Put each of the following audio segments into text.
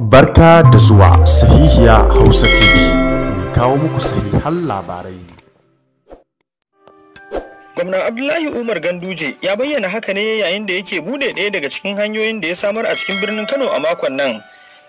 Barka da zuwa sahihiya Hausa TV mai kawo muku sahihan labarai. Gwamna Abdullahi Umar Ganduje ya bayyana haka ne yayin da yake bude ɗaya daga cikin hanyoyin da ya samar a cikin birnin Kano a makon nan.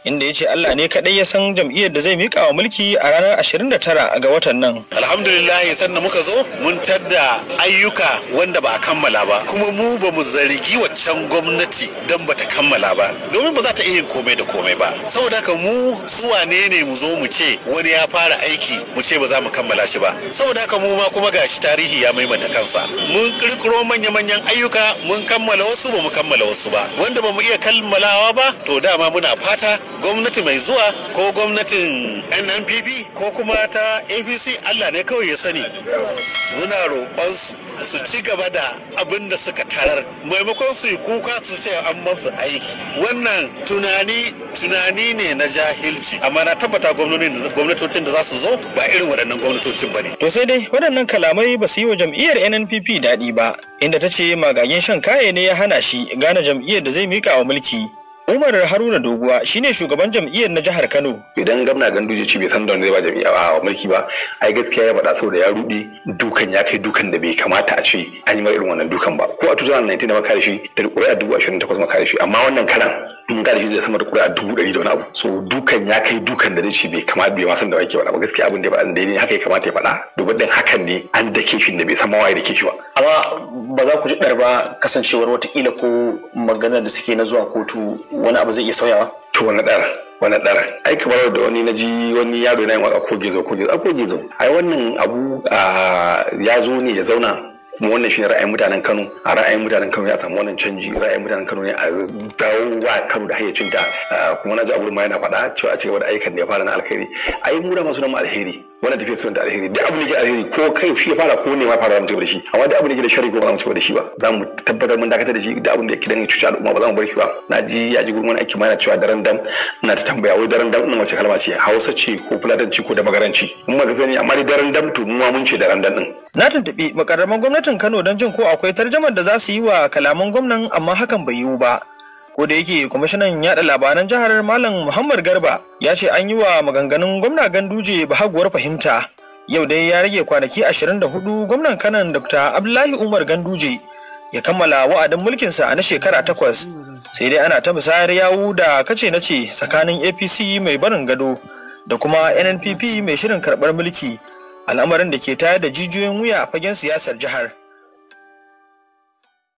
inda ya ce Allah ne kaɗai ya san jam'iyyar da zai mika wa mulki a ranar 29 ga watan nan. Alhamdulillah sannan muka zo mun tadda ayyuka wanda ba a kammala ba kuma mu ba mu zargi waccan gwamnati don ba ta kammala ba domin ba za ta iya komai da komai ba saboda haka mu su ne ne mu zo mu ce wani ya fara aiki mu ce ba za mu kammala shi ba saboda haka mu ma kuma gashi tarihi ya maimaita kansa mun kirkiro manya-manyan ayyuka mun kammala wasu ba mu kammala wasu ba wanda ba mu iya kammalawa ba to dama muna fata gwamnati mai zuwa ko gwamnatin nnpp ko kuma ta apc allah ne kawai ya sani suna roƙon su ci gaba da abin da suka tarar maimakon su yi kuka su ce an masu aiki wannan tunani tunani ne na jahilci amma na tabbata gwamnatocin da za su zo ba irin waɗannan gwamnatocin ba ne to sai dai waɗannan kalamai ba su yi wa jam'iyyar nnpp daɗi ba inda ta ce magagin shan kaye ne ya hana shi gane jam'iyyar da zai mika wa mulki Umar Haruna Doguwa shine shugaban jam'iyyar na jihar Kano. Idan gwamna Ganduje ce bai san da zai ba jam'iyya ba mulki ba, ai gaskiya ya faɗa saboda ya rudi dukan ya kai dukan da bai kamata a ce an yi irin wannan dukan ba. Ko a 2019 da makare shi da ƙuri'a 28 da shi amma wannan karan mun kada shi da samar da kura dubu ɗari da wani abu so dukan ya kai dukan da shi bai kama bai ma san da wake wani abu gaskiya abin da ba da ne haka ya kamata ya faɗa domin din hakan ne an da kefin da bai san mawaye da kefi ba amma ba za ku ji ba kasancewar watakila ko magana da suke na zuwa kotu wani abu zai iya sauyawa to wani ɗara wani ɗara ai kamar da wani na ji wani yaro yana yin waka ko gizo ko gizo ko gizo ai wannan abu ah, ya zo ne ya zauna kuma wannan ne ra'ayin mutanen Kano a ra'ayin mutanen Kano ya samu wannan canji ra'ayin mutanen Kano ne a dawo wa Kano da hayyacinta ah, kuma na ji a ma yana faɗa cewa a cigaba da ayyukan da ya fara na alkhairi ai mu da masu nan alheri wannan tafiya sunan da alheri duk abin da ke alheri ko kai shi ya fara ko ne ma fara zamu tafi da shi amma duk abin da ke da shari'a ko ba zamu da shi ba za mu tabbatar mun dakatar da shi duk abin da ke dangane cuta al'umma ba za mu bar shi ba na ji ya ji gurman aiki ma yana cewa daren dam ina ta tambaya wai daren dam ina wace kalma ce hausa ce ko fulatanci ko da magaranci mun ma gazani amma dai daren dam to mu ma mun ce daren dam din na tuntubi makarraman gwamnatin Kano don jin ko akwai tarjamar da za su yi wa kalaman gwamnan amma hakan bai yiwu ba ko da yake kwamishinan yaɗa labaran jihar malam muhammad garba ya ce an yi wa maganganun gwamna ganduje bahaguwar fahimta yau dai ya rage kwanaki ashirin da hudu, gwamnan kanan dr abdullahi umar ganduje ya kammala wa'adin mulkinsa na shekara takwas sai dai ana ta misayar yawu da kace na ce tsakanin apc mai barin gado da kuma nnpp mai shirin karɓar mulki al'amarin da ke tayar da jijiyoyin wuya fagen siyasar jihar